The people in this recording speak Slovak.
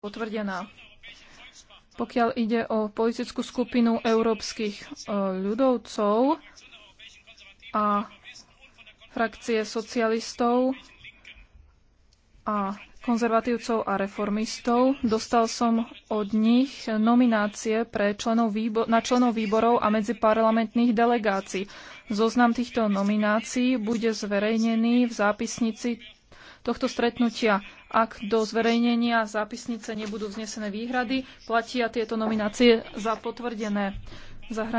potvrdená. Pokiaľ ide o politickú skupinu európskych e, ľudovcov a frakcie socialistov a konzervatívcov a reformistov, dostal som od nich nominácie pre členov výbo- na členov výborov a medziparlamentných delegácií. Zoznam týchto nominácií bude zverejnený v zápisnici tohto stretnutia. Ak do zverejnenia zápisnice nebudú vznesené výhrady, platia tieto nominácie za potvrdené. Zahra